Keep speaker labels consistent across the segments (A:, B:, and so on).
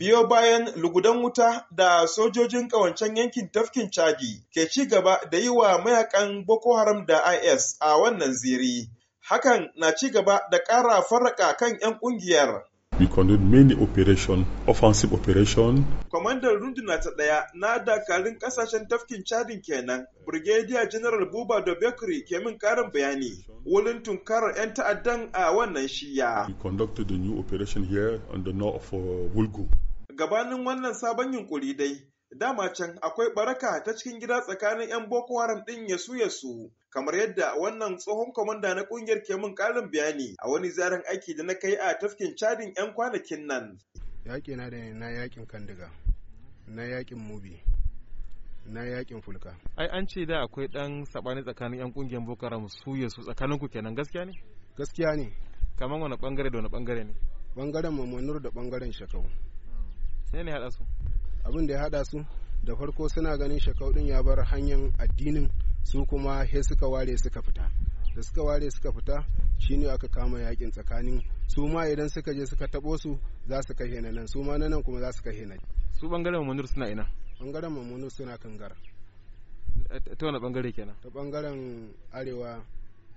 A: biyo bayan lugudan wuta da sojojin ƙawancen yankin tafkin Chadi ke ci gaba da yi wa mayakan Boko Haram da IS a wannan ziri. Hakan na ci gaba da ƙara farraka kan 'yan ƙungiyar. We conduct many operation, offensive operation. Kwamandan runduna ta ɗaya na dakarun ƙasashen tafkin Chadin kenan, Brigadier General Buba da Bekri ke min ƙarin bayani wurin tunkarar 'yan ta'addan a wannan shiya. We conducted the new operation here on the north of uh, gabanin wannan sabon yunkuri dai dama can akwai baraka ta cikin gida tsakanin 'yan boko haram ɗin ya su ya su kamar yadda wannan tsohon kwamanda na kungiyar ke mun ƙarin bayani a wani zaren aiki da na kai a tafkin cadin 'yan kwanakin nan
B: yaƙi na da na yaƙin kandiga na yaƙin mubi na yaƙin fulka
A: ai an ce da akwai ɗan saɓani tsakanin 'yan kungiyar boko haram su ya su tsakanin ku kenan gaskiya ne gaskiya ne kamar wani bangare da wani bangare ne
B: bangaren mamanur da bangaren shakau ne ne haɗa su abin da ya haɗa su da farko suna ganin shekau din ya bar hanyar addinin su kuma he suka ware suka fita da suka ware suka fita shine aka kama yakin tsakanin su ma idan suka je suka tabo su za su kai hena nan su ma na nan kuma za su kai hena
A: su bangaren mamunur suna ina
B: bangaren mamunur suna kangara
A: ta wani bangare kenan
B: ta bangaren arewa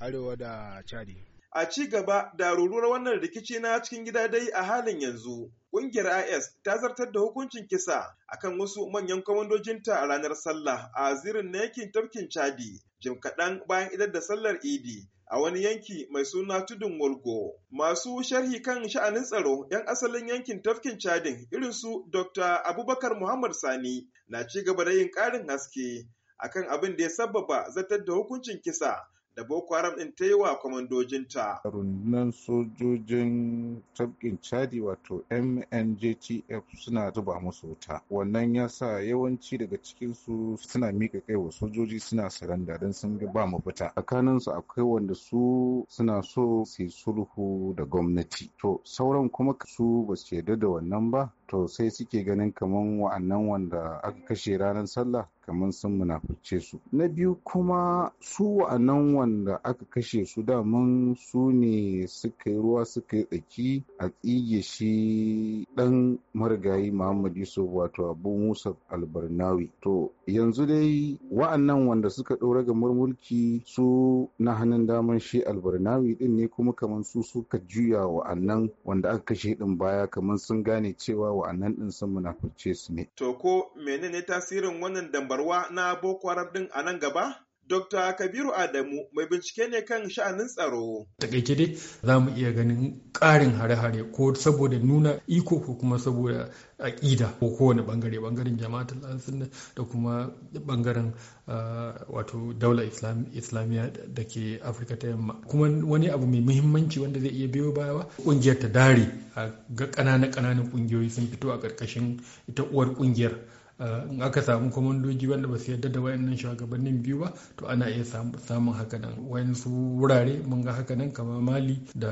B: arewa da chadi
A: a ci gaba da ruruwar wannan rikici na cikin gida dai a halin yanzu. Ƙungiyar IS ta zartar da hukuncin kisa akan wasu manyan kwamandojinta a ranar sallah a zirin na yankin tafkin Chadi, jim kaɗan bayan idar da sallar Idi a wani yanki mai suna tudun Wolgo. Masu sharhi kan sha'anin tsaro 'yan asalin yankin tafkin Chadin irin su Dr. Abubakar Muhammad Sani na ci gaba da yin ƙarin haske akan abin da ya sababa zartar da hukuncin kisa da Boko Haram ɗin ta yi wa kwamandojinta.
C: Rundunar sojojin tabkin Chadi wato MNJTF suna zuba musu wuta. Wannan ya sa yawanci daga cikin su suna miƙa kai wa sojoji suna saranda don sun ba mu fita. su akwai wanda su suna so su sulhu da gwamnati. To sauran kuma su ba su yarda da wannan ba to sai suke ganin kaman wa'annan wanda aka kashe ranar sallah kaman sun munafurce su na biyu kuma su wa'annan wanda aka kashe su daman su ne suka yi ruwa suka yi tsaki a tsige shi dan marigayi muhammad yusuf wato abu musa albarnawi to yanzu dai wa'annan wanda suka ɗora ga murmulki su na hannun daman shi albarnawi din ne kuma kaman su suka juya wa'annan wanda aka kashe din baya kaman sun gane cewa wa'annan din sun munafurce su ne.
A: To ko menene tasirin wannan dambarwa na Boko Haram din a nan gaba? Dokta Kabiru Adamu mai bincike ne kan sha'anin tsaro.
D: Takaice dai za mu iya ganin ƙarin hare-hare ko saboda nuna iko ko kuma saboda aƙida ko kowane bangare bangaren jama'atul sunna da kuma bangaren ah, wato daula islamiyya da ke afirka ta yamma kuma wani abu mai muhimmanci wanda zai iya biyo baya ƙungiyar ta dare ga kanana kananan ƙungiyoyi sun fito a karkashin ita uwar ƙungiyar eh, in aka samu kwamandoji wanda ba su yadda da wayannan shugabannin biyu ba to ana iya samun haka nan wayansu wurare mun ga haka nan kamar mali da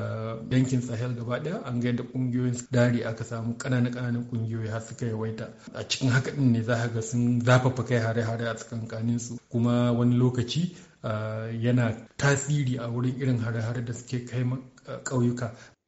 D: yankin sahel gaba daya an ga yadda kungiyoyin dari aka samu kanana kananan kungiyoyi har suka yawaita a cikin haka din ne za ga sun zafafa kai hare-hare a tsakankanin su kuma wani lokaci eh, yana tasiri a wurin irin hare-hare da suke kai eh, ƙauyuka